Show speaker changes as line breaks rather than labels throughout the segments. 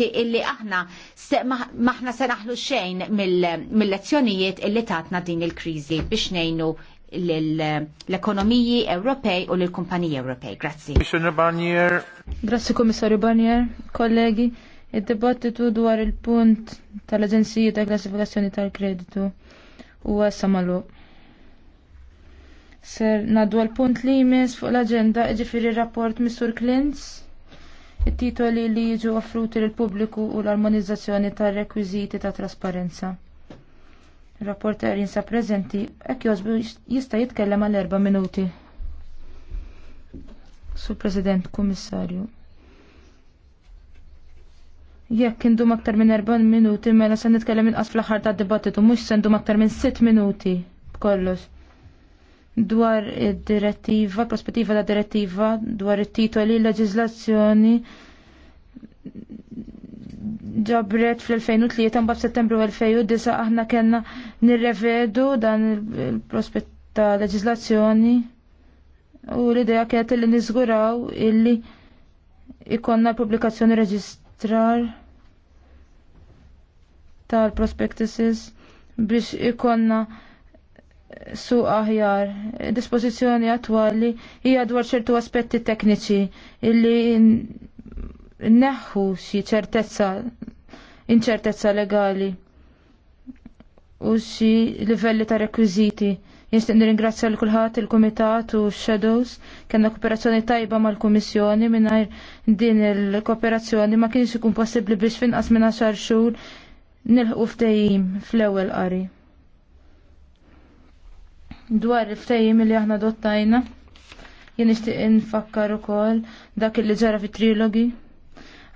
illi aħna maħna se naħlu xejn mill-lezzjonijiet illi tatna din il-kriżi biex nejnu l-ekonomiji Ewropej u l-kumpaniji Ewropej. Grazzi. Grazzi Komissarju
Barnier, kollegi, id-dibattitu dwar il-punt tal-Aġenziji ta' Klassifikazzjoni tal-Kreditu u għasamalu. Ser naddu għal-punt li jmiss fuq l-agenda iġifiri rapport Mr. Klintz it-titoli li jiġu offruti lil pubbliku u l-armonizzazzjoni tar-rekwiżiti ta' trasparenza. Rapporter jinsa preżenti hekk josbu jista' jitkellem għal erba' minuti. Sur President, Kummissarju. Jekk indum aktar minn erba' minuti mela se nitkellem inqas fl-aħħar tad-dibattitu mhux se ndum aktar minn sitt minuti b'kollox dwar id-direttiva, prospettiva ta' direttiva dwar it-titoli leġiżlazzjoni ġabret fl-2003 mbagħad settembru 2009 aħna kellna nirrevedu dan il prospetta ta' leġiżlazzjoni u l-idea kienet li niżguraw illi ikonna pubblikazzjoni reġistrar tal-prospectuses biex ikonna su aħjar, dispożizzjoni attwali hija dwar ċertu aspetti tekniċi illi nneħħu xi ċertezza inċertezza legali u xi livelli ta' rekwiżiti. Jinstiq nirringrazzja l kulħadd il-Kumitat u shadows kellna kooperazzjoni tajba mal-Kummissjoni mingħajr din il-kooperazzjoni ma kienx ikun possibbli biex finqas minn għaxar xhur nilħqu ftehim fl-ewwel qari dwar il ftajim li aħna dottajna. Jien nixtieq infakkar ukoll dak li ġara fit trilogi.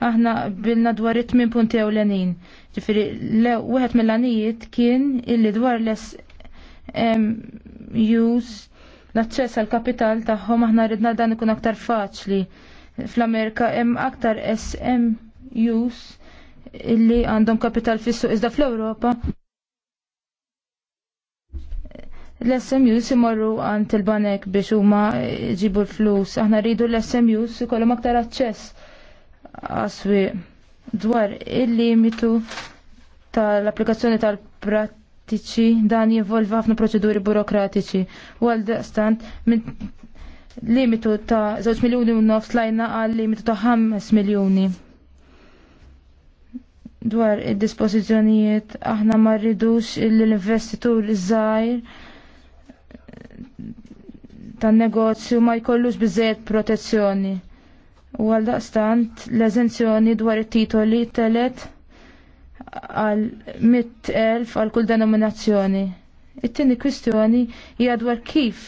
Aħna bilna dwar it-tmien punti ewlenin. Ġifieri wieħed mill-għanijiet kien illi dwar les use l-aċċess għal kapital tagħhom aħna ridna dan ikun aktar faċli. Fl-Amerika hemm aktar SMUs illi għandhom kapital fis-suq iżda fl-Ewropa l-SMUs imorru għant il-banek biex huma ġibu l-flus. Aħna rridu l-SMUs ikollhom aktar aċċess għaswi dwar il-limitu tal-applikazzjoni tal-prattiċi dan jivolva ħafna proċeduri burokratiċi. Għal stant minn limitu ta' 2 miljoni u nofs lajna għal limitu ta' 5 miljoni dwar id-dispożizzjonijiet aħna ma rridux l-investitur żgħir tan-negozju ma jkollux biżejjed protezzjoni. U għal daqstant l-eżenzjoni dwar it-titoli telet għal 100.000 għal kull denominazzjoni. It-tieni kwistjoni hija dwar kif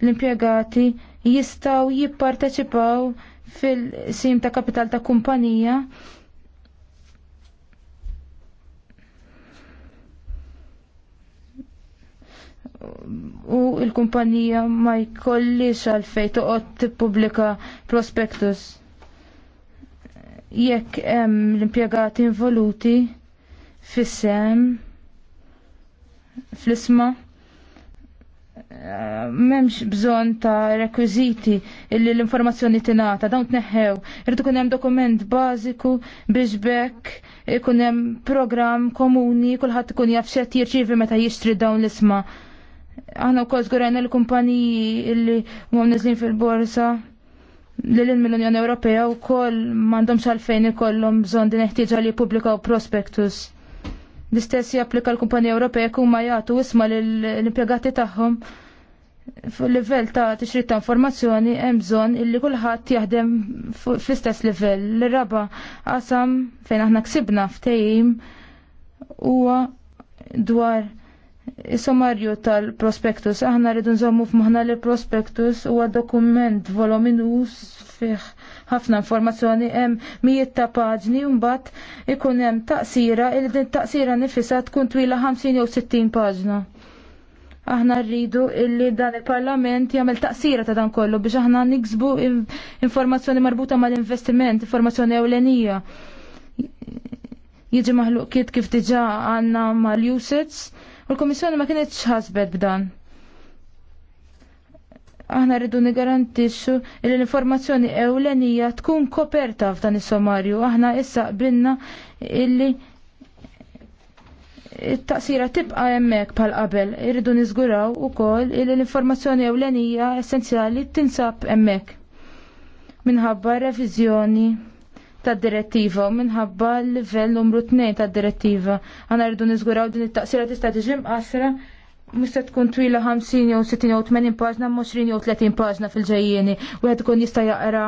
l-impjegati jistaw jipparteċipaw fil-sim ta' kapital ta' kumpanija u l-kumpanija ma jkollix għalfej toqgħod tippubblika prospektus. Jekk hemm l-impjegati involuti fis-sem fl-isma memx bżon ta' rekwiziti illi l-informazzjoni tingħata dawn tneħħew. Irid ikun hemm dokument bażiku biex bekk ikun hemm programm komuni, kulħadd ikun jaf x'qed jirċievi meta jixtri dawn l-isma' Għana u kol zgurajna l-kumpaniji li mwam nizlin fil-borsa l-lin mill-Unjoni Ewropea u kol mandom xalfejn ikollom bżon din eħtieġa li u prospektus. L-istess japplika l-kumpanija Ewropea ma jagħtu isma l-impjegati tagħhom fil-livell ta' tixrid ta' informazzjoni hemm bżonn illi kulħadd jaħdem fl-istess livell. L-raba qasam fejn aħna ksibna ftehim huwa dwar Is-sommarju tal-prospektus, aħna rridu nżommu f'maħna li prospektus huwa dokument voluminus fih ħafna informazzjoni hemm mijiet ta' paġni u mbagħad ikun hemm taqsira il din taqsira nifisha tkun twila 50 jew 60 paġna. Aħna rridu illi dan il-Parlament jagħmel taqsira ta' dan kollu biex aħna niksbu informazzjoni marbuta mal-investiment, informazzjoni ewlenija jiġi maħluq kif diġà għandna mal-usage U l-Komissjoni ma kienet ħasbet b'dan. Aħna rridu nigarantixxu li l-informazzjoni ewlenija tkun koperta f'dan is-sommarju. Aħna issa qbilna illi it-taqsira tibqa' hemmhekk bħal qabel. Irridu niżguraw ukoll illi l-informazzjoni ewlenija essenzjali tinsab hemmhekk minħabba reviżjoni ta' direttiva u minħabba l-livell numru 2 ta' direttiva. Għana rridu nizguraw din it-taqsira tista' tiġim qasra, mista tkun twila 50 jew 60 jew 80 paġna, 20 jew 30 paġna fil-ġejjeni. Wieħed ikun jista' jaqra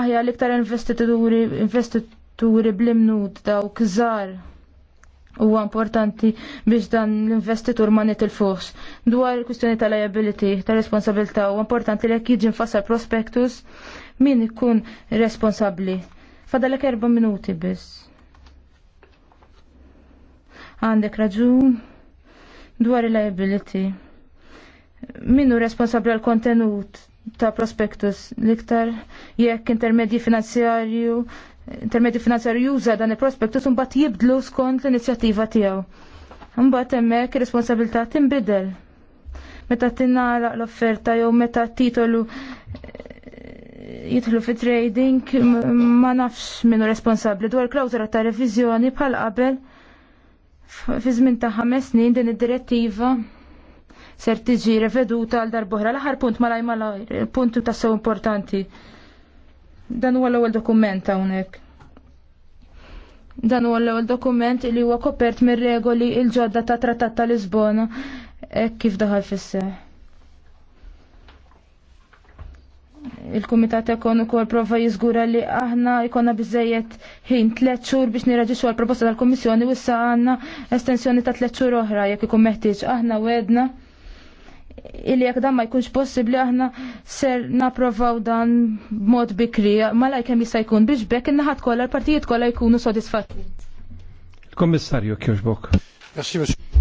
aħja l-iktar investituri investituri bl-imnud dawk żgħar huwa importanti biex dan l-investitur ma nitilfuħx. Dwar il-kwistjoni tal-liability, tal-responsabilità, huwa importanti li jekk jiġi nfassal prospektus min ikun responsabbli Fadalek erba minuti biss. Għandek raġun dwar il-liability. Minnu responsabli għal kontenut ta' prospektus liktar jekk intermedji finanzjarju intermedji finanzjarju juża dan il-prospektus un bat jibdlu skont l-inizjattiva tiegħu. Mbagħad hemmhekk ir responsabilta tinbidel meta tinnara l-offerta jew meta titolu jidħlu fi trading ma nafx minnu responsabli dwar klawzola ta' revizjoni bħal qabel fi żmien ta' ħames snin din id-direttiva ser tiġi reveduta għal darbohra l-aħħar punt malaj malaj punt ta' sew importanti. Dan huwa l-ewwel dokument hawnhekk. Dan huwa l-ewwel dokument li huwa kopert mir-regoli il-ġodda ta' Trattat ta' Lisbona kif daħal fis seħħ il-Kumitat Ekon ukoll prova jiżgura li aħna jkollna biżejjed ħin tliet xhur biex nirreġixxu għal proposta tal-Kummissjoni u issa għandna estensjoni ta' tliet xhur oħra jekk ikun meħtieġ aħna wedna illi jekk dan ma jkunx possibbli aħna ser napprovaw dan b'mod bikri malaj kemm jista' jkun biex bekk in-naħat kollha l-partijiet kollha jkunu sodisfatti.
Il-Kommissarju Kirchbok.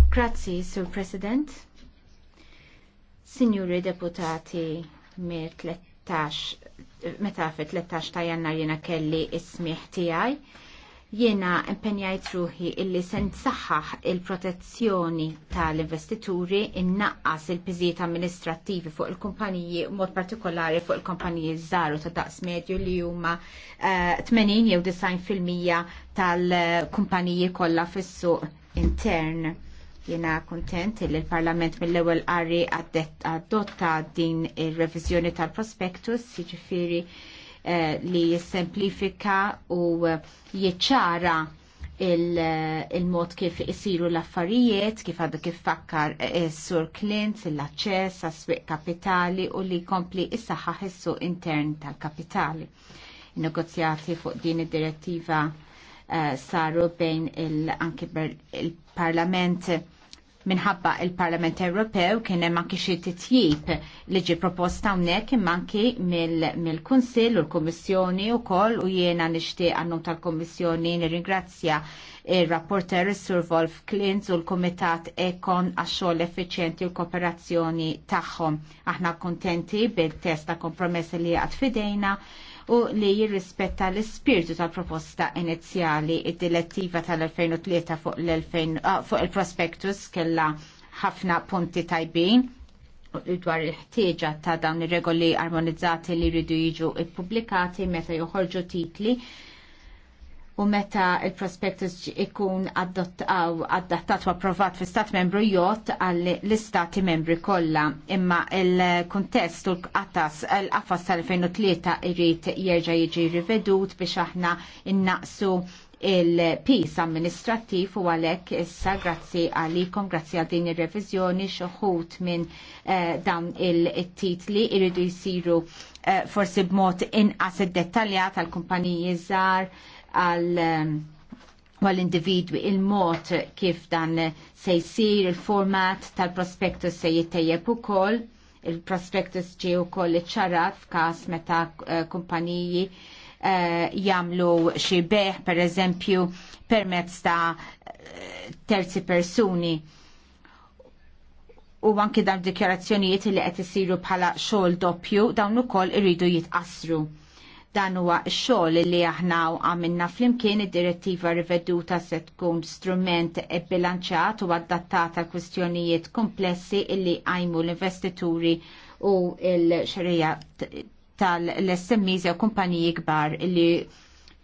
Grazzi, Sur President. Signori deputati, mir 13 meta fi 13 ta' jannar jiena kelli ismiħ tiegħi jiena impenjajt ruħi illi se nsaħħaħ il-protezzjoni tal-investituri innaqqas il-piżijiet amministrattivi fuq il-kumpaniji mod partikolari fuq il-kumpaniji żaru ta' daqs medju li huma 80 eh, jew 90% tal-kumpaniji kollha fis-suq intern Jena kontent li l-Parlament mill-ewel qari adotta din il-revizjoni tal-prospektus, jiġifieri eh, li jissemplifika u jiċċara eh, il-mod kif isiru l-affarijiet, kif għadu kif fakkar eh, sur Clint, l-access, swieq kapitali u li kompli is-saħħa intern tal-kapitali. Negozjati fuq din id-direttiva Eh, saru bejn il-anki il-parlament minħabba il-Parlament Ewropew kien hemm anki xi titjib li ġi proposta hawnhekk imma anki mill-Kunsill u l-Kummissjoni wkoll u jiena nixtieq għannu tal-Kummissjoni nirringrazzja ir-rapporter Sur Wolf Klintz u l-Kumitat Ekon għax-xogħol effiċjenti u l-kooperazzjoni tagħhom. Aħna kuntenti bil-test ta' kompromess li għad fidejna u li jirrispetta l-ispirtu tal-proposta inizjali id-dilettiva tal-2003 ah, fuq il-prospektus kella ħafna punti tajbin dwar il-ħtieġa ta' dawn ir-regoli armonizzati li jridu jiġu ippubblikati meta joħorġu titli u meta il-prospektus ikun adattat u approvat fi stat membru jot għall-istati membri kollha imma il-kontest u l-qafas l tal-2003 irrit jerġa' jiġi rivedut biex aħna innaqsu il-pis amministrattiv u għalek issa grazzi għalikom, grazzi għal din ir-reviżjoni xoħut minn eh, dawn il-titli irridu jisiru eh, forsi b'mod inqas id detaljat għal kumpaniji żgħar għal ehm, għall-individwi il-mod kif dan se jsir il-format tal-prospektus se jittejjeb ukoll, il-prospektus ġie koll iċċarat f'każ meta eh, kumpaniji jamlu eh, jagħmlu xi beħ pereżempju permezz ta' eh, terzi persuni u anki dawn dikjarazzjonijiet li qed isiru bħala xogħol doppju dawn ukoll iridu jitqassru Dan huwa x-xogħol li aħna għamilna flimkien id-direttiva riveduta se tkun strument e bilanċat u adattata kwistjonijiet komplessi illi għajmu l-investituri u l-xerija tal-SMEs u kumpaniji kbar illi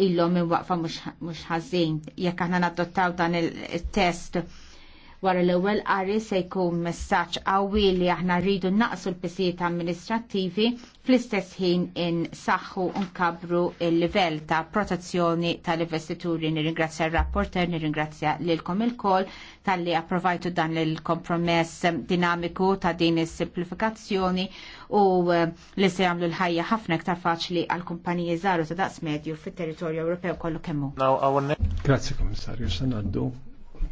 illom waqfa mhux ħażin jekk aħna nadottaw dan il-test il test Wara l-ewwel qari se jkun messaġġ qawwi li aħna rridu naqsu l-pisijiet amministrattivi fl-istess ħin in saħħu nkabru il-livell ta' protezzjoni tal-investituri. Nirringrazzja r-rapporter, nirringrazzja lilkom il-kol tal-li approvajtu dan il-kompromess dinamiku ta' din is-simplifikazzjoni u eh, li se jagħmlu l-ħajja ħafna iktar faċli għal kumpaniji żaru ta' daqs medju fit-territorju Ewropew kollu kemmu.
Grazzi Komissarju, sanaddu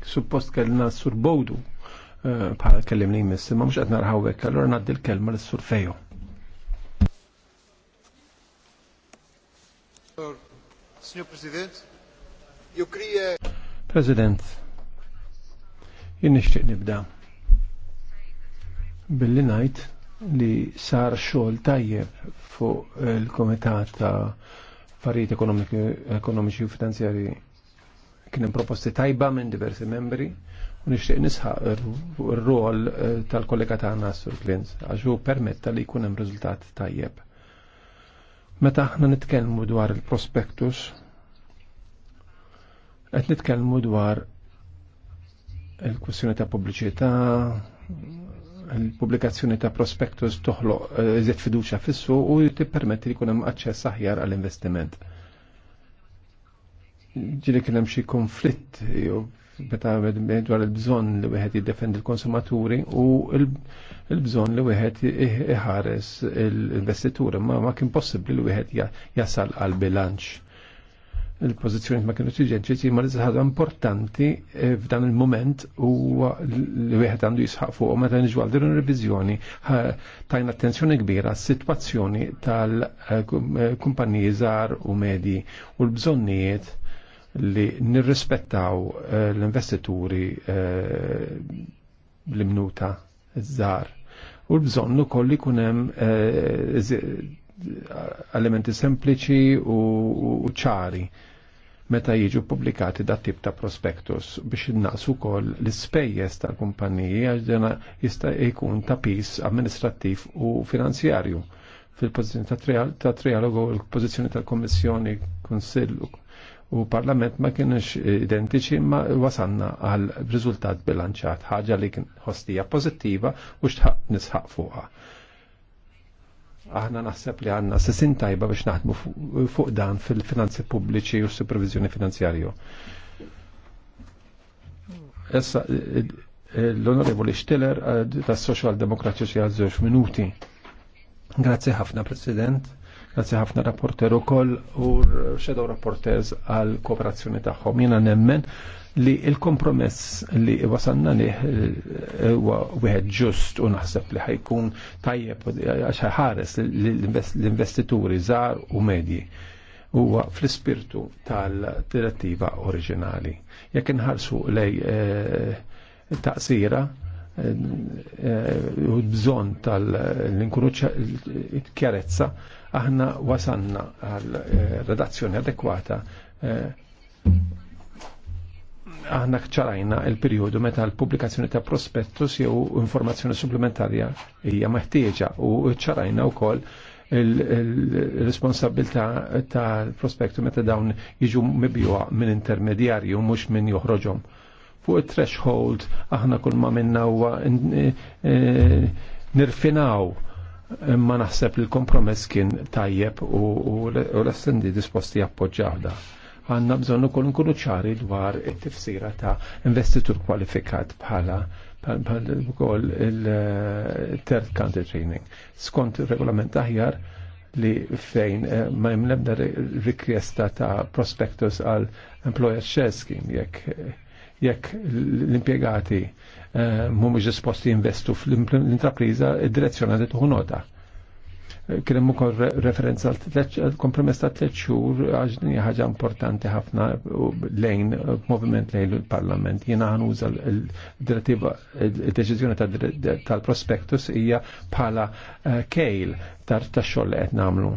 suppost kellna sur Bowdu eh, bħal kellimni jmiss, ma mux għatna rħawek, għallura naddi l-kelma l-sur fejo.
Signor President,
ju krije. President, jien nixtieq nibda billi ngħid li sar xogħol tajjeb fuq il-Komitat ta' Affarijiet Ekonomiċi u Finanzjarji Kien hemm proposti tajba minn diversi membri u nixtieq nisħaq ir-rol eh, tal-kollega tagħna Sur Klins għax hu permetta li jkun hemm riżultat tajjeb. Meta aħna nitkellmu dwar il-prospektus qed nitkellmu dwar il-kwestjoni ta' pubbliċità, il-pubblikazzjoni ta' prospektus toħloq eh, iżjed fiduċa fissu u jippermetti li jkun hemm aċċess aħjar għall-investiment ġili kien hemm xi konflitt meta dwar il-bżonn li wieħed jiddefendi l-konsumaturi u il-bżonn li wieħed iħares l-investituri, ma ma kien possibbli li wieħed jasal għal bilanċ. Il-pożizzjoni ma kienu ċiġenċi ma li ħaġa importanti eh, f'dan il-moment u li wieħed għandu jisħaq fuq meta niġu għal revizjoni tajna attenzjoni kbira s-sitwazzjoni tal-kumpaniji eh, eh, żgħar u medji u l-bżonnijiet li nirrispettaw eh, l-investituri eh, l-imnuta z żar U l-bżonnu kolli kunem elementi eh, sempliċi u ċari meta jiġu publikati dat tip ta' prospektus biex innaqsu kol l-spejjes tal-kumpaniji għax dena jista' jkun ta' pis amministrattiv u finanzjarju. Fil-pozizjoni ta' trialogu, l pozizjoni tal komissjoni Konsillu u parlament ma kienx identiċi ma wasanna għal riżultat bilanċat, ħaġa li kien ħostija pozittiva u xtħaq nisħaq fuqha. Aħna naħseb li għanna sesin tajba biex naħdmu fuq dan fil-finanzi pubbliċi u supervizjoni finanzjarju. Essa l-Onorevoli Stiller eh, tas Social Demokratiċi għal minuti. Grazie ħafna, President. Grazie ħafna rapporter ukoll u shadow rapporters għal kooperazzjoni tagħhom. Jiena nemmen li il-kompromess li wasanna li huwa eh, wieħed ġust u naħseb li ħajkun tajjeb għax ħares l-investituri żgħar u medji huwa fl-ispirtu tal-direttiva oriġinali. Jekk inħarsu lej eh, taqsira eh, u bżonn tal-inkunu kjarezza aħna wasanna għal eh, redazzjoni adekwata eh, aħna kċarajna il-periodu meta l-pubblikazzjoni ta' prospettus jew informazzjoni supplementarja hija meħtieġa u ċarajna wkoll il-responsabilta ta' prospektu meta dawn jiġu mibjuwa minn intermedjarju mhux minn joħroġhom. Fuq il threshold aħna kull ma minna huwa eh, nirfinaw imma naħseb li l-kompromess kien tajjeb u l estendi disposti appoġġawda. Għanna bżonnu kol nkunu ċari dwar it-tifsira ta' investitur kwalifikat bħala bħal il-third eh, country training. Skont regolament aħjar li fejn eh, ma jimlebda rikjesta ta' prospectus għal employer share scheme jekk jekk l-impiegati mhumiex disposti investu fl intrapriza id-direzzjoni li tħu nota. Kien hemm ukoll referenza għal kompromess ta' t xhur għax ħaġa importanti ħafna lejn moviment lejn l parlament għan uża l-direttiva il deċiżjoni tal-prospektus hija bħala eh, kejl tar tax-xogħol li qed nagħmlu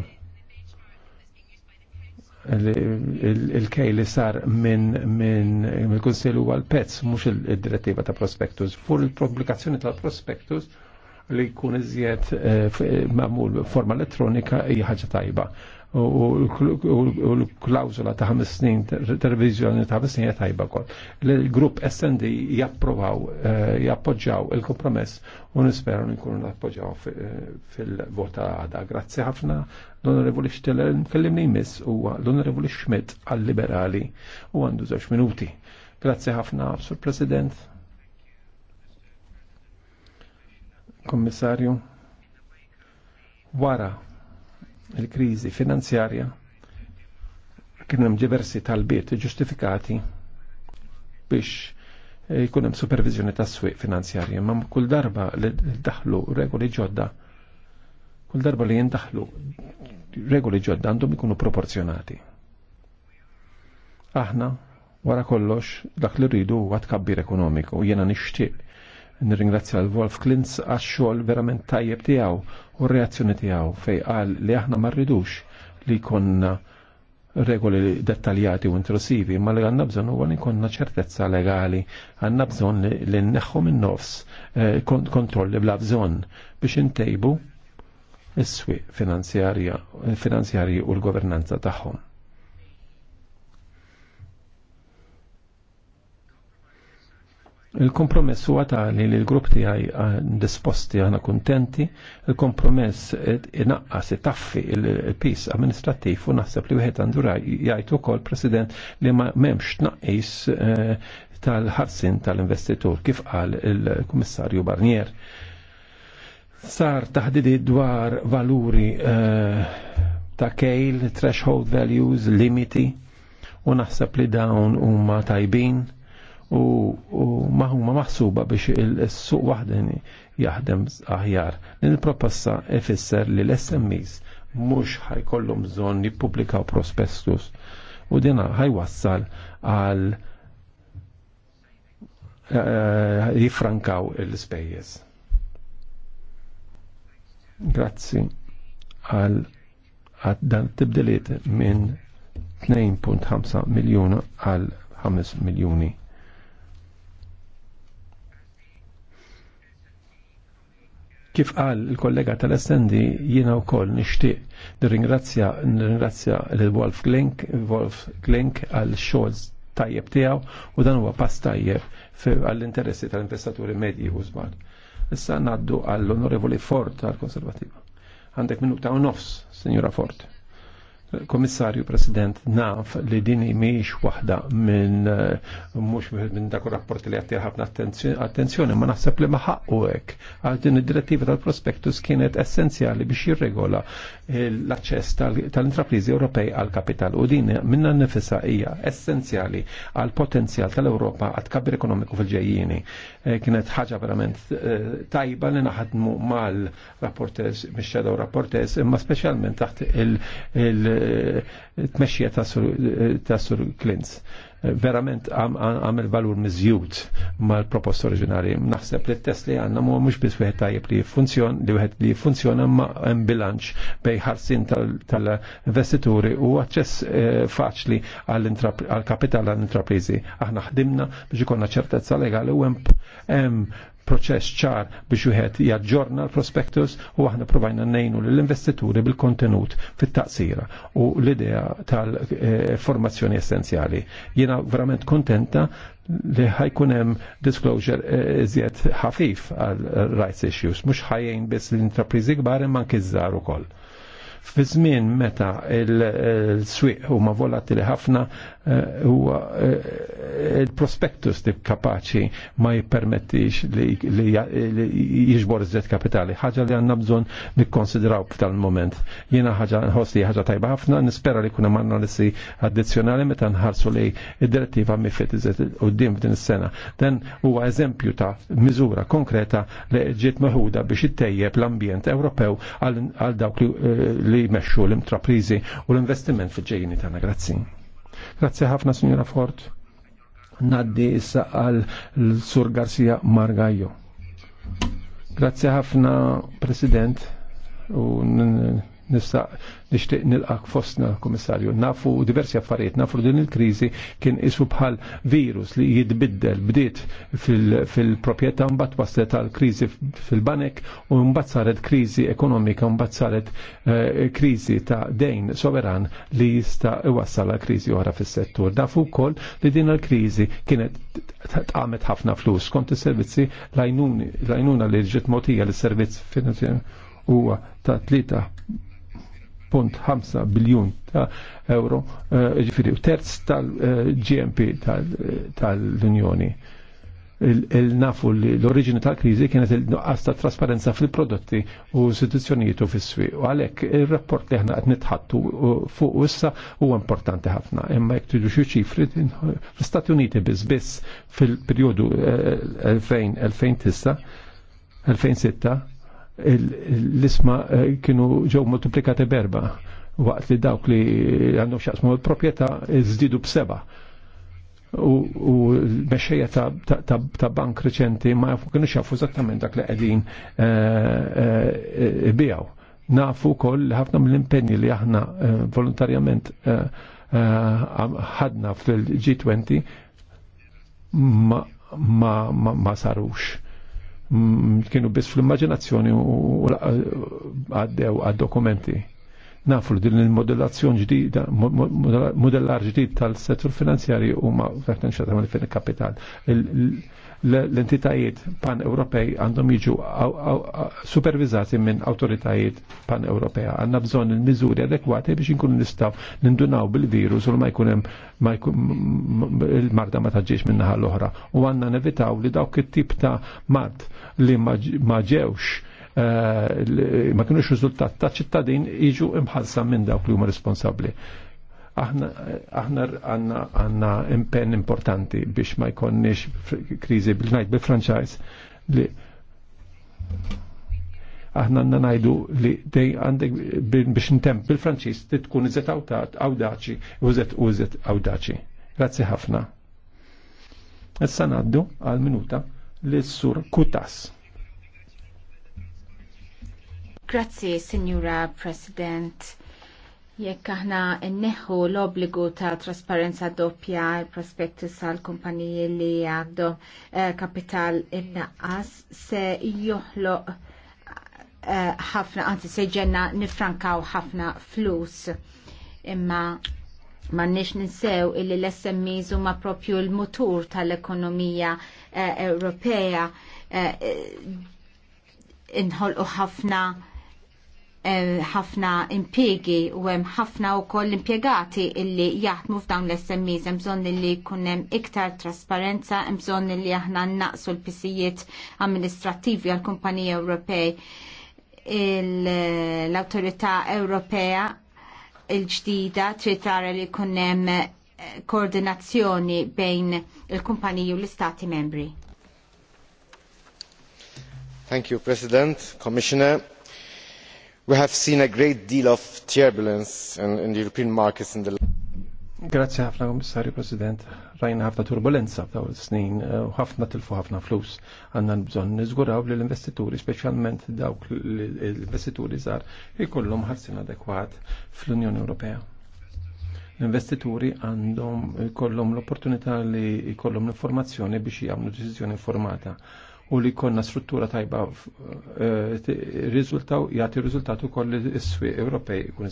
il-kej li sar minn min, min kunsil huwa l-pezz mhux id-direttiva ta' prospektus. Fur il-pubblikazzjoni tal-prospektus li jkun iżjed eh, eh, mamul forma elettronika hija ħaġa tajba u l-klawzula ta' 5 snin, televizjoni ta' 5 snin tajba kol. L-grupp SND japprovaw, eh, jappoġġaw il-kompromess u nisperu nkunu nappoġġaw eh, fil-vota għada. Grazzi ħafna l-Onorevoli Steller, nkellimni jmiss u l-Onorevoli Schmidt għal-Liberali u għandu żewġ minuti. Grazzi ħafna, Sur President. Kommissarju, wara il-kriżi finanzjarja kien hemm diversi talbiet ġustifikati biex eh, jkun hemm supervizjoni tas-swieq finanzjarja. ma kull darba li daħlu regoli ġodda, kull darba li jindaħlu regoli ġodda għandhom ikunu proporzjonati. Aħna wara kollox dak li rridu huwa tkabbir ekonomiku, jiena nixtieq Nirringrazzja l-Wolf Klintz għax-xogħol verament tajjeb tiegħu u r-reazzjoni tiegħu fej qal li aħna ma rridux li konna regoli dettaljati u intrusivi, ma li għanna bżon u għan ikonna ċertezza legali, għanna bżon li neħħu minn nofs eh, kontrolli bla bżon biex intejbu s-swi finanzjarja u l-governanza tagħhom. Il-kompromess huwa tali li l-grupp tiegħi disposti aħna kuntenti, il-kompromess inaqqas itaffi il-pis amministrattiv u naħseb li wieħed għandu jgħid ukoll President li ma m'hemmx tnaqqis eh, tal-ħarsin tal-investitur kif qal il-Kummissarju Barnier. Sar taħdidi dwar valuri eh, ta' kejl, threshold values, limiti, u naħseb li dawn huma tajbin u maħuma maħsuba biex il-suq waħdini jaħdem aħjar. Din il-proposta ifisser li l-SMEs mhux ħajkollhom bżonn jippubblikaw prospestus u dina ħajwassal għal eh, jifrankaw il spejjes Grazzi għal dan tibdeliet minn 2.5 miljuna għal 5 miljoni. Kif qal il-kollega tal-Estendi jiena wkoll nixtieq nirringrazzja nirringrazzja l Wolf Glink Wolf Glink għal xogħol tajjeb tiegħu u dan huwa pass tajjeb għall-interessi tal-investaturi medji u żbar. Issa ngħaddu għall-Onorevoli Ford tal-Konservativa. Għandek minuta u nofs, Sinjura Ford. Komissarju President, naf li din miex waħda minn eh, mux minn dak rapport li għatti ħafna attenzjoni, ma naħseb li maħaqqu hekk. Għal din id-direttiva tal-prospektus kienet essenzjali biex jirregola l-aċċess tal-intrapriżi Ewropej għal kapital u din minna nifisa hija essenzjali għal potenzjal tal-Ewropa għad kabir ekonomiku fil-ġejjini. Eh, kienet ħaġa verament eh, tajba li naħadmu mal rapportes mix-shadow rapportez, imma speċjalment taħt il-tmexxija eh, ta' Sur Klintz verament għam il-valur mizjut mal propost oriġinari. Naħseb li t-test li għanna mu mux bis wieħed tajjeb li funzjon, li wieħed li funzjona ma bilanċ bej ħarsin tal-investituri u għacċess eh, faċli għal-kapital għal-intraprizi. Aħna ħdimna biex ikonna ċertezza legali u hemm proċess ċar biex wieħed jaġġorna l-prospektus u aħna provajna nejnu l-investituri bil-kontenut fit-taqsira u l-idea tal-formazzjoni essenzjali. Jiena verament kontenta li ħajkun hemm disclosure eh, iżjed ħafif għal rights issues, mhux ħajjin biss l-intrapriżi kbar imma kizzar u ukoll fi żmien meta l-swieq huma volatili ħafna eh, huwa eh, il-prospektus li kapaċi ma jippermettix li jiġbor iżjed kapitali. Ħaġa li għandna bżonn nikkonsidraw f'dal-moment. Jiena ħaġa nħoss ħaġa tajba ħafna, nispera li kuna analisi addizzjonali meta nħarsu li id-direttiva mifet iżjed qudiem f'din is-sena. Dan huwa eżempju ta' miżura konkreta li ġiet meħuda biex ittejjeb l-ambjent Ewropew għal dawk li eh, li jmexxu l-intraprizi u l-investiment fil-ġejjini tagħna. Grazzi. Grazzi ħafna, Signora Fort. Naddi issa għal Sur Garcia Margajo. Grazzi ħafna, President. U nista' nixtieq nilqak fostna kummissarju. Nafu diversi affarijiet, nafu din il-kriżi kien isu bħal virus li jitbiddel bdiet fil-proprjetà mbagħad waslet għal kriżi fil-banek u mbagħad saret kriżi ekonomika u mbagħad saret kriżi ta' dejn soveran li jista' iwassal għal kriżi oħra fis-settur. Nafu wkoll li din il-kriżi kienet tqamet ħafna flus kont is-servizzi lajnuna li ġiet motija l-servizz finanzjarju huwa ta' tlita 1.5 biljun ta' euro, eh, ġifiri, terz tal-GMP tal-Unjoni. Il-nafu li l-oriġini tal-krizi kienet il-nuqqas ta' trasparenza fil-prodotti u istituzzjonijiet u fis-swi. U għalhekk ir-rapport li aħna qed nitħattu fuq issa huwa importanti ħafna. Imma jekk tridu xie ċifri fl-Stati Uniti biss biss fil-perjodu 2000 2006 l-isma eh, kienu ġew multiplikati berba waqt li dawk li għandhom xaqsmu l-propieta zdidu b'seba. U l-mexxejja ta' bank reċenti ma kienu xafu zattament dak li qegħdin eh, eh, bijaw. Nafu koll ħafna mill-impenni li aħna volontarjament ħadna fil-G20 ma sarux Mm, kienu biss fl-immaġinazzjoni u għaddew għad-dokumenti. Nafu li din il-modellazzjoni ġdida, modellar ġdid tal-settur finanzjari u ma' f'dak nxatam il-kapital l-entitajiet pan-Ewropej għandhom jiġu supervizati minn autoritajiet pan-Ewropea. Għanna bżon il-mizuri adekwati biex nkunu nistaw nindunaw bil-virus u ma jkunem il-marda ma taġġiex minnaħa l-oħra. U għanna nevitaw li dawk it-tip ta' mart li ma ġewx eh, ma kienux riżultat ta' ċittadin jiġu imħalsa minn dawk li huma responsabbli aħna għanna impenn importanti biex ma jkonniex krizi bil-najt bil-franchise li aħna għanna najdu li dej għandek biex intemp bil-franċis li tkun iżet awdaċi, użet użet awdaċi. Grazzi ħafna. Issa naddu għal minuta li sur Kutas.
Grazzi, Signora President Jekk aħna nneħħu l-obbligu ta' trasparenza doppja il-prospektus għal kumpaniji li għandhom eh, kapital imnaqqas se joħloq eh, ħafna, anzi se ġenna nifrankaw ħafna flus. Imma m'għandniex ninsew illi l-SMEs huma propju l-mutur tal-ekonomija eh, Ewropea inħolqu ħafna Eh, ħafna impiegi u hemm ħafna wkoll impjegati illi jaħdmu f'dawn l-SMEs, hemm bżonn li jkun hemm iktar trasparenza, hemm bżonn li aħna naqsu l-pisijiet amministrattivi għall kumpaniji Ewropej eh, l-Awtorità Ewropea il-ġdida trid tara li jkun hemm eh, koordinazzjoni bejn il-kumpaniji u l-istati membri.
Thank you, President, Commissioner we have seen a great deal of turbulence in, in the European markets in the Grazie ħafna Komissarju President. Rajna ħafna turbulenza f'daw snin eh, u ħafna tilfu ħafna flus. Għandna bżonn niżguraw li l-investituri, speċjalment dawk l-investituri żgħar, ikollhom ħarsin adekwat fl-Unjoni Ewropea l-investituri għandhom ikollhom l-opportunità li jkollhom l-informazzjoni biex jagħmlu deċiżjoni informata u li konna struttura tajba eh, rizultaw, jgħati rizultatu koll s-swi Ewropej kun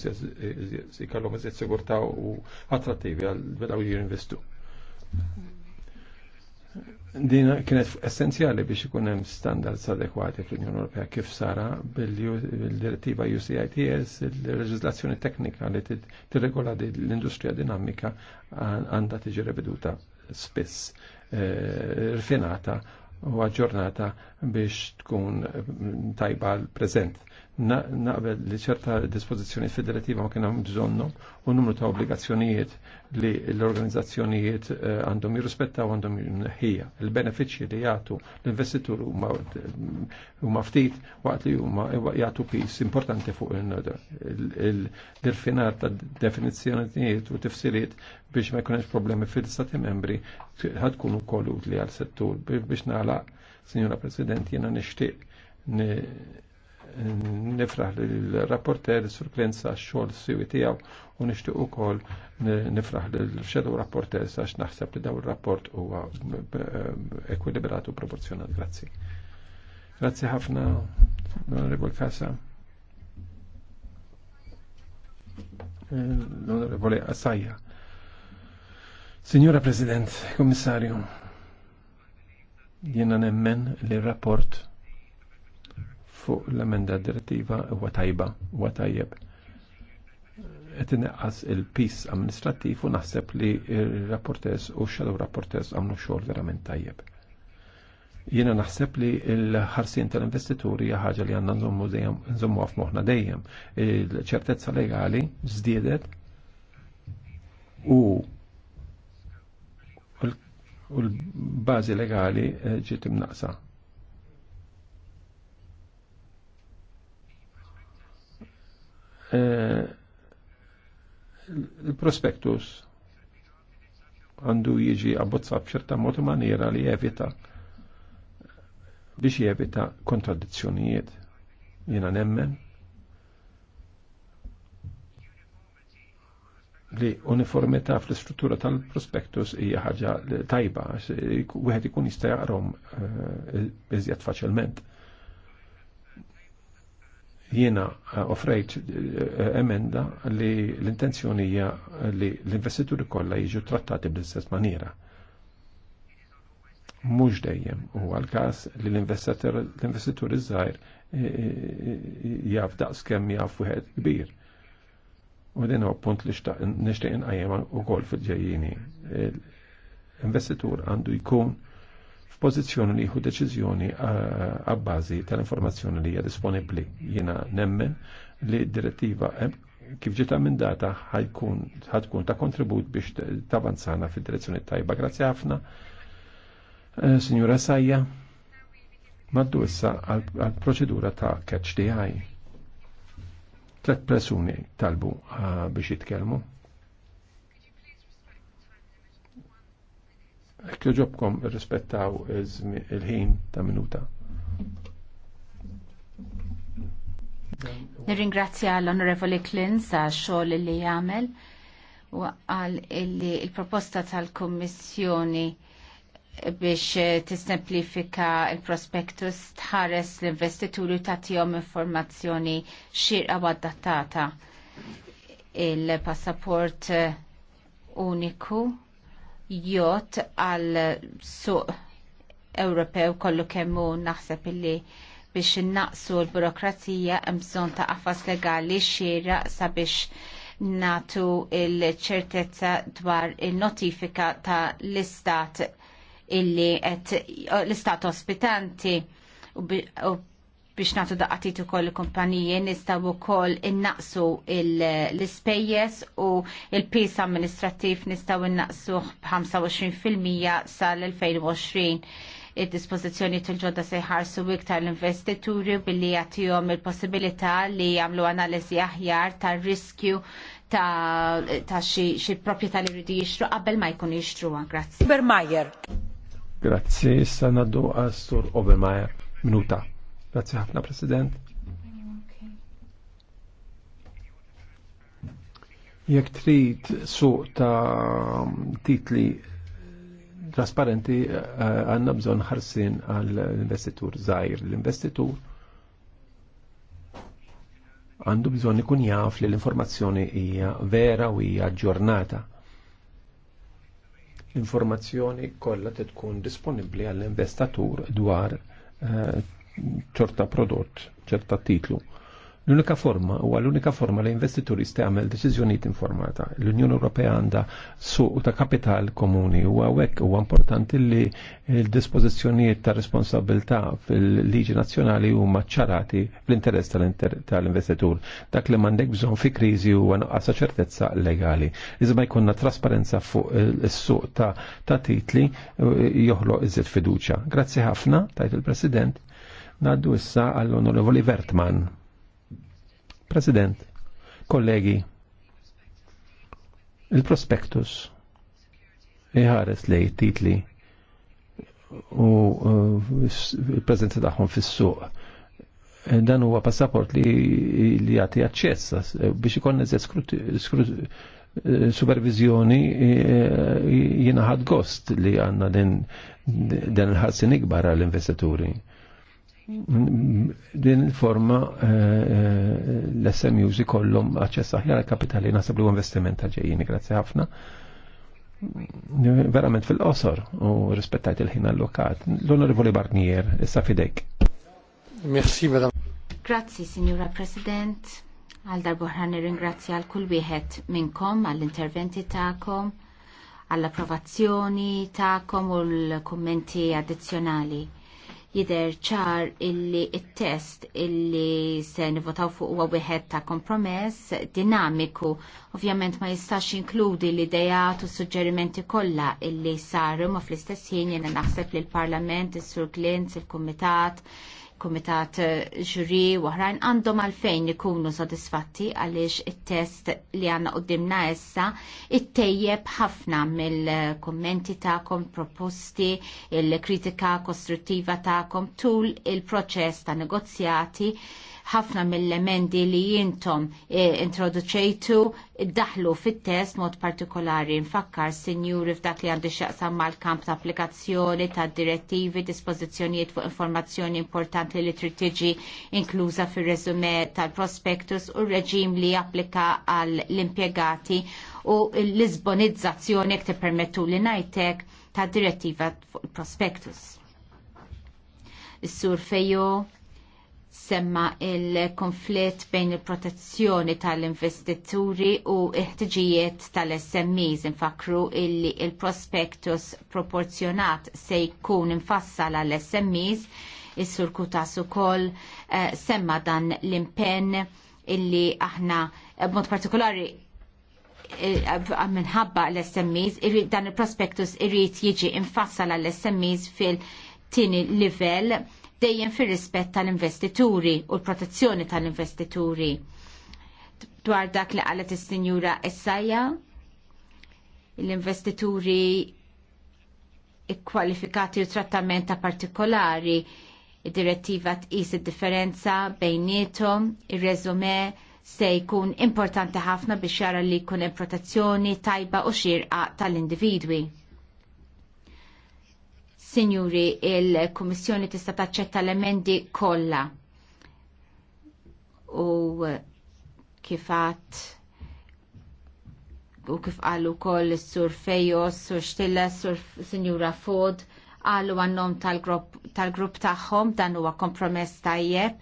jikallom iżjed sigurta u attrattivi għal bedaw jirinvestu. Dina kienet essenzjali biex ikun hemm standards adekwati fl-Unjoni Ewropea kif sara bil-direttiva UCITS, il-leġislazzjoni teknika li tirregola l-industrija dinamika għandha tiġi reveduta spiss, eh, rifinata u għagġornata biex tkun tajba l-prezent naqbel li ċerta dispożizzjoni federativa ma kienhom bżonnu u numru ta' obbligazzjonijiet li l-organizzazzjonijiet eh, għandhom jirrispetta u għandhom jirnħija. il benefiċi li jgħatu l-investitur huma ftit waqt li jgħatu pis importanti fuq il-noda. Il-dirfinar ta' definizzjonijiet u tifsiriet biex ma jkunx problemi fil-stati membri ħadkun kollu li għal-settur biex nala, Signora President, jena nishtiq nifraħ li l-rapporter sur Klenza xol siwi tijaw u nishtiq u kol nifraħ li l-xedu rapporter sax naħseb li daw l rapport u eh, ekwilibrat u proporzjonat. Grazzi. Grazzi ħafna, l-onorevol Kasa. Eh, l-onorevole Asaja. Signora President, Komissarju, jena nemmen li rapport fuq l-emenda direttiva huwa tajba, huwa tajjeb. Qed inqas il-pis amministrattiv u naħseb li r-rapportess u x-shadow rapportess għamlu xogħol verament tajjeb. Jiena naħseb li l-ħarsien tal-investituri hija ħaġa li għandna nżommu dejjem nżommu f'moħħna dejjem. Il-ċertezza legali żdiedet u u l-bazi legali ġiet imnaqsa. Eh, il-prospektus għandu jiġi abbozzat b'xerta mod maniera li jevita biex jevita kontradizzjonijiet. Jiena nemmen li uniformità fl-istruttura tal-prospektus hija ħaġa tajba, wieħed ikun jista' jaqrom eh, iżjed faċilment jiena eh, offrejt eh, eh, emenda li l-intenzjoni hija li l-investituri kollha jiġu trattati bl-istess maniera. Mhux dejjem huwa l-każ li l-investituri żgħir jaf daqs kemm jaf wieħed kbir. U din huwa punt li nixtieq inqajjem ukoll fil-ġejjini. Investitur għandu jkun f'pożizzjoni li jħu deċiżjoni eh, għabbażi tal-informazzjoni li hija disponibbli. Jiena nemmen li d-direttiva eh, kif ġiet ammendata ħajkun ħadkun ta' kontribut biex tavanzana fid-direzzjoni tajba. Grazzi ħafna. Eh, signora Sajja, maddu issa għal proċedura ta' catch the eye. Tlet persuni talbu biex jitkellmu. Ekk rispettaw il-ħin ta' minuta.
Nirringrazzja l-Onorevoli Klins għal xogħol li jagħmel u għal il-proposta tal-Kummissjoni biex tissemplifika il-prospektus tħares l-investituri tagħtihom informazzjoni xirqa u adattata il-passaport uniku jot għal suq Ewropew kollu kemmu naħseb illi biex innaqsu l-burokrazija hemm bżonn ta' qafas legali xira sabiex natu il-ċertezza dwar il-notifika ta' l-istat illi l-istat ospitanti u biex natu daqqatit ukoll kumpanije nistawu koll innaqsu l-ispejjeż u il-pis amministrattiv nistawu innaqsu b'25% sal-2020 id-dispożizzjoni tal-ġodda se jħarsu iktar l-investituri billi jagħtihom il-possibilità li jagħmlu analiżi aħjar tar-riskju ta', ta xi proprjetà li jridu jixtru qabel ma jkunu jixtruha. Grazzi. Obermeyer.
Grazzi, issa għas-sur Obermeyer. Minuta. Grazzi ħafna, President. Jekk trid suq ta' titli trasparenti eh, għanna bżon ħarsin għall-investitur zaħir. L-investitur għandu bżon ikun jaf li l-informazzjoni hija vera u hija ġurnata. L-informazzjoni kollha tkun disponibbli għall-investatur dwar eh, ċorta prodott, ċerta titlu. L-unika forma, u l-unika forma li investituri għamil deċiżjonijiet informata. L-Unjoni Ewropea għandha suq ta' kapital komuni u għawek u importanti li l-dispożizzjonijiet ta' responsabilità fil-liġi nazzjonali u maċċarati fl interess tal-investitur. Dak li mandek bżon fi krizi u għasa ċertezza legali. Iżma jkunna trasparenza fuq il-suq ta', titli eh, joħloq iżid fiduċa. Grazzi ħafna, tajt il-President. Naddu issa għall-Onorevoli Vertman. President, kollegi, il-prospektus iħares li titli u uh, il-prezenza tagħhom fis-suq dan huwa passaport li li jagħti aċċess eh, biex ikun eh, supervizjoni eh, jiena ħadd gost li għandna din dan il l ikbar għall-investituri din forma eh, eh, l-SMUs kollum aċċess aħjar kapitali nasab li investiment ġejjini, grazzi ħafna. Verament fil-qosor u rispettajt il-ħin allokat. L-Onorevoli Barnier, issa fidejk. Merci, madam.
Grazzi, Signora President. Għal darbohra nirringrazzja għal kull wieħed minnkom għall-interventi ta'kom, għall-approvazzjoni ta'kom u l-kommenti addizzjonali jider ċar illi il-test illi se nivotaw fuq u wieħed ta' kompromess dinamiku. Ovvjament ma jistax inkludi l-idejat u suġġerimenti kollha illi saru ma fl-istess jena jiena naħseb li l-Parlament, is-Sur il-Kumitat, il komitat il kumitat kumitat Ġuri eh, u oħrajn għandhom għalfejn ikunu sodisfatti għaliex it-test li għanna qoddimna issa tejjeb ħafna mill-kommenti ta'kom, proposti, il-kritika kostruttiva ta'kom tul il-proċess ta' negozjati ħafna mill-emendi li jintom eh, introduċejtu daħlu fit-test mod partikolari nfakkar sinjuri f'dak li għandu xaqsam mal-kamp ta' applikazzjoni ta' direttivi, dispożizzjonijiet fuq informazzjoni importanti li trid tiġi inkluża fir-reżume tal-prospektus u reġim li japplika għall-impjegati u l-izbonizzazzjoni jek permettu li najtek ta' direttiva fuq il-prospektus. Is-sur fejo semma il-konflitt bejn il-protezzjoni tal-investituri u iħtiġijiet tal-SMEs infakru illi il-prospektus proporzjonat se jkun infassal għall-SMEs is-sur kutas ukoll eh, semma dan l-impenn illi aħna eh, b'mod partikolari eh, minħabba l-SMEs, dan il-prospektus irrit jiġi infassal għall-SMEs fil-tini livell dejjem fir-rispett tal-investituri u l-protezzjoni tal-investituri. Dwar dak li qalet is-Sinjura Essaja, l-investituri ikkwalifikati u trattament ta' partikolari id-direttiva tqis id-differenza bejnietom, ir-reżume se jkun importanti ħafna biex jara li jkun hemm protezzjoni tajba u xirqa tal-individwi. Sinjuri, il-Kummissjoni tista' taċċetta l-emendi kollha. U eh, kifat u kif qalu koll sur Fejos, sur Stilla, sur Sinjura Fod, qalu għannom tal-grupp tagħhom dan huwa kompromess tajjeb.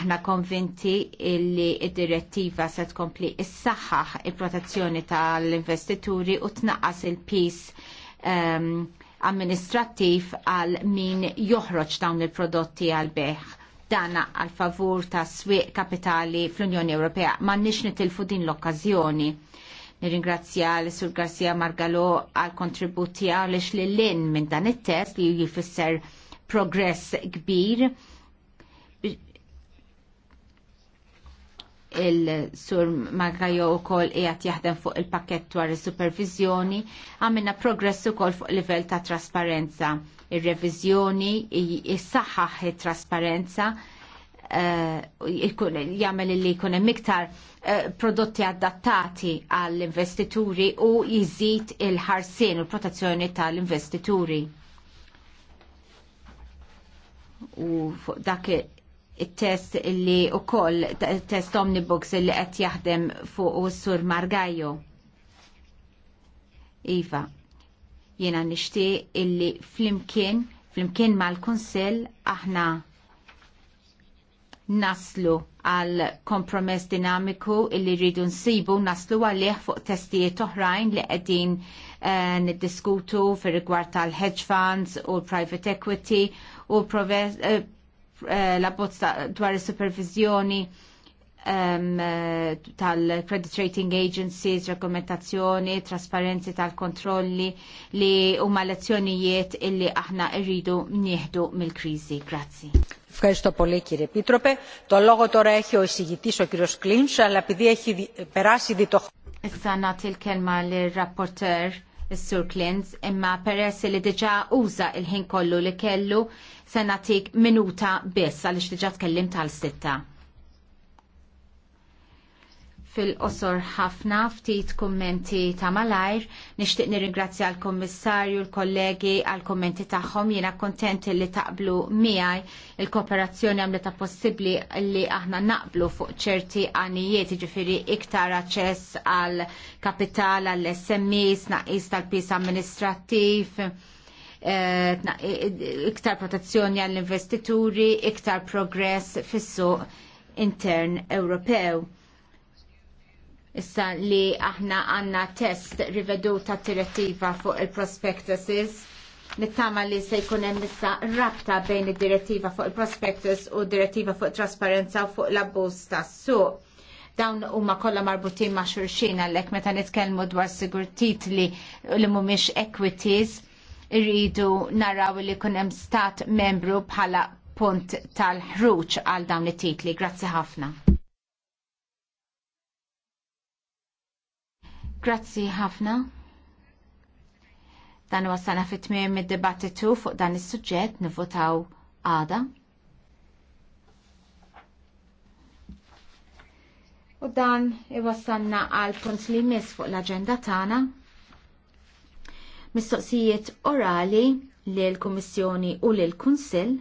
Aħna konvinti illi id-direttiva se tkompli is-saħħaħ il-protezzjoni tal-investituri u tnaqqas il-peace um, amministrattiv għal min joħroġ dawn il-prodotti għal beħ dana għal favur ta' swieq kapitali fl-Unjoni Ewropea. Ma nix nitilfu din l-okkazjoni. Nirringrazzja l sur Garcia Margalo għal kontributi għal li l lin minn dan it-test li jifisser progress kbir il-sur Magajo u kol ijat jaħdem fuq il-pakket dwar il-supervizjoni, għamilna progressu kol fuq livell ta' trasparenza. Il-revizjoni, jissaxħaħ il-trasparenza, eh, jagħmel li jkun hemm iktar eh, prodotti adattati għall-investituri u jżid il-ħarsien u l-protezzjoni tal-investituri. U fuq dak il-test li u koll, test omnibox li qed jaħdem fuq u s-sur Margajo. Iva, jena nishti illi flimkien, flimkien mal-Konsil aħna naslu għal kompromess dinamiku illi rridu nsibu naslu għalih fuq testijiet oħrajn li qegħdin uh, nid-diskutu fir rigward tal-hedge funds u private equity u Eh, la bozza dwar is-supervizjoni um, eh, tal-credit rating agencies, rekomendazzjoni, trasparenzi tal-kontrolli li huma lezzjonijiet illi aħna rridu nieħdu mill-kriżi. Grazzi. Ευχαριστώ πολύ κύριε Επίτροπε. Το λόγο τώρα έχει ο εισηγητής ο κύριος Κλίνς, αλλά επειδή έχει περάσει δι' το χρόνο. Εξανάτη η κέλμα ραπορτέρ Is-Sur Klins, imma peress li diġa uża il-ħin kollu li kellu se nagħtik minuta biss għaliex diġa tkellim tal-sitta fil-qosor ħafna ftit kummenti ta' malajr. Nixtieq nirringrazzja l kommissarju l-kollegi għal kummenti tagħhom. Jiena kontenti li taqblu miegħi il-kooperazzjoni għamlet ta' possibbli li aħna naqblu fuq ċerti għanijiet ġifiri iktar aċċess għal kapital, għall smis naqis tal-pis amministrattiv eh, iktar protezzjoni għall-investituri, iktar progress fis-suq intern Ewropew issa li aħna għanna test riveduta direttiva fuq il-prospectuses nittama li se jkun hemm issa rabta bejn id-direttiva fuq il-prospectus u direttiva fuq trasparenza u fuq l-abbuż tas-suq. Dawn huma kollha marbutin ma' xulxin għalhekk meta nitkellmu dwar sigur titli li mhumiex equities irridu naraw li kun hemm stat membru bħala punt tal-ħruġ għal dawn it-titli. Grazzi ħafna. Grazzi ħafna. Dan wassana fit-tmiem id-dibattitu fuq dan is-suġġett nivvotaw għada. U dan iwassanna għal punt li mis fuq l-agenda tagħna. Mistoqsijiet orali lil kummissjoni u lil kunsill